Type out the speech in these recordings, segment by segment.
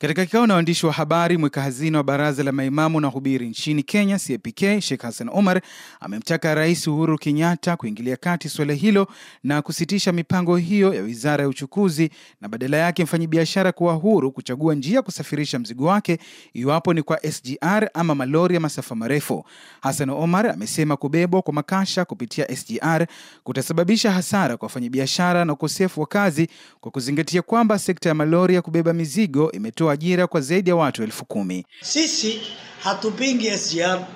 Katika kikao na waandishi wa habari, mweka hazina wa baraza la maimamu na hubiri nchini Kenya cpk Sheikh Hassan Omar amemtaka Rais Uhuru Kenyatta kuingilia kati suala hilo na kusitisha mipango hiyo ya wizara ya uchukuzi na badala yake mfanyabiashara kuwa huru kuchagua njia ya kusafirisha mzigo wake iwapo ni kwa SGR ama malori ya masafa marefu. Hassan Omar amesema kubebwa kwa makasha kupitia SGR kutasababisha hasara kwa wafanyabiashara na ukosefu wa kazi kwa kuzingatia kwamba sekta ya malori ya kubeba mizigo imetoa kutoa ajira kwa zaidi ya watu elfu kumi. Sisi hatupingi SGR,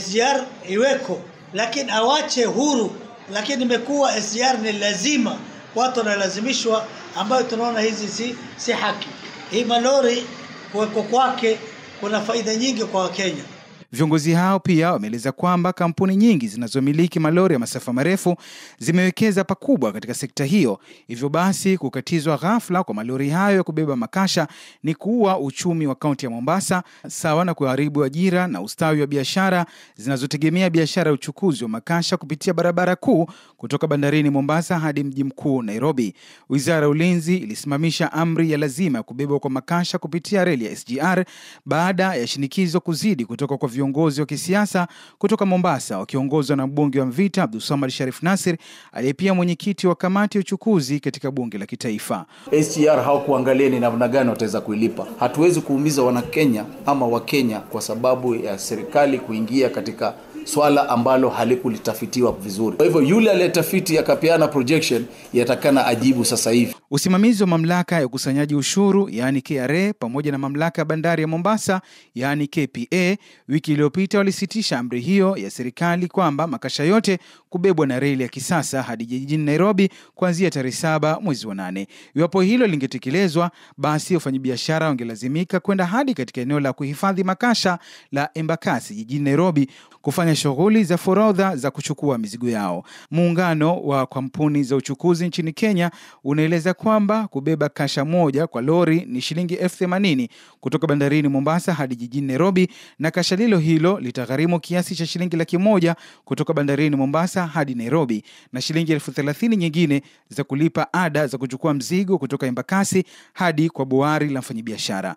SGR iweko, lakini awache huru, lakini imekuwa SGR ni lazima, watu wanalazimishwa, ambayo tunaona hizi si, si haki. Hii malori kuweko kwake kuna faida nyingi kwa Wakenya. Viongozi hao pia wameeleza kwamba kampuni nyingi zinazomiliki malori ya masafa marefu zimewekeza pakubwa katika sekta hiyo, hivyo basi kukatizwa ghafla kwa malori hayo ya kubeba makasha ni kuua uchumi wa kaunti ya Mombasa, sawa na kuharibu ajira na ustawi wa biashara zinazotegemea biashara ya uchukuzi wa makasha kupitia barabara kuu kutoka bandarini Mombasa hadi mji mkuu Nairobi. Wizara ya Ulinzi ilisimamisha amri ya lazima ya kubebwa kwa makasha kupitia reli ya SGR baada ya shinikizo kuzidi kutoka kwa viongozi wa kisiasa kutoka Mombasa wakiongozwa na mbunge wa Mvita Abdusamad Sharif Nasir aliye pia mwenyekiti wa kamati ya uchukuzi katika bunge la kitaifa. SGR hawakuangalia ni namna gani wataweza kuilipa. Hatuwezi kuumiza Wanakenya ama Wakenya kwa sababu ya serikali kuingia katika swala ambalo halikulitafitiwa vizuri. Kwa hivyo yule aliyetafiti akapeana projection yatakana ajibu sasa hivi. Usimamizi wa mamlaka ya ukusanyaji ushuru yaani KRA pamoja na mamlaka ya bandari ya Mombasa yaani KPA wiki iliyopita walisitisha amri hiyo ya serikali kwamba makasha yote kubebwa na reli ya kisasa hadi jijini Nairobi kuanzia tarehe saba mwezi wa nane. Iwapo hilo lingetekelezwa, basi wafanyabiashara wangelazimika kwenda hadi katika eneo la kuhifadhi makasha la Embakasi jijini Nairobi kufanya shughuli za forodha za kuchukua mizigo yao. Muungano wa kampuni za uchukuzi nchini Kenya unaeleza kwamba kubeba kasha moja kwa lori ni shilingi elfu 80 kutoka bandarini Mombasa hadi jijini Nairobi, na kasha lilo hilo litagharimu kiasi cha shilingi laki moja kutoka bandarini Mombasa hadi Nairobi, na shilingi elfu 30 nyingine za kulipa ada za kuchukua mzigo kutoka Embakasi hadi kwa boari la mfanyabiashara.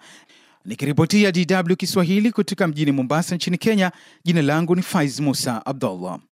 Nikiripotia DW Kiswahili kutoka mjini Mombasa nchini Kenya, jina langu ni Faiz Musa Abdullah.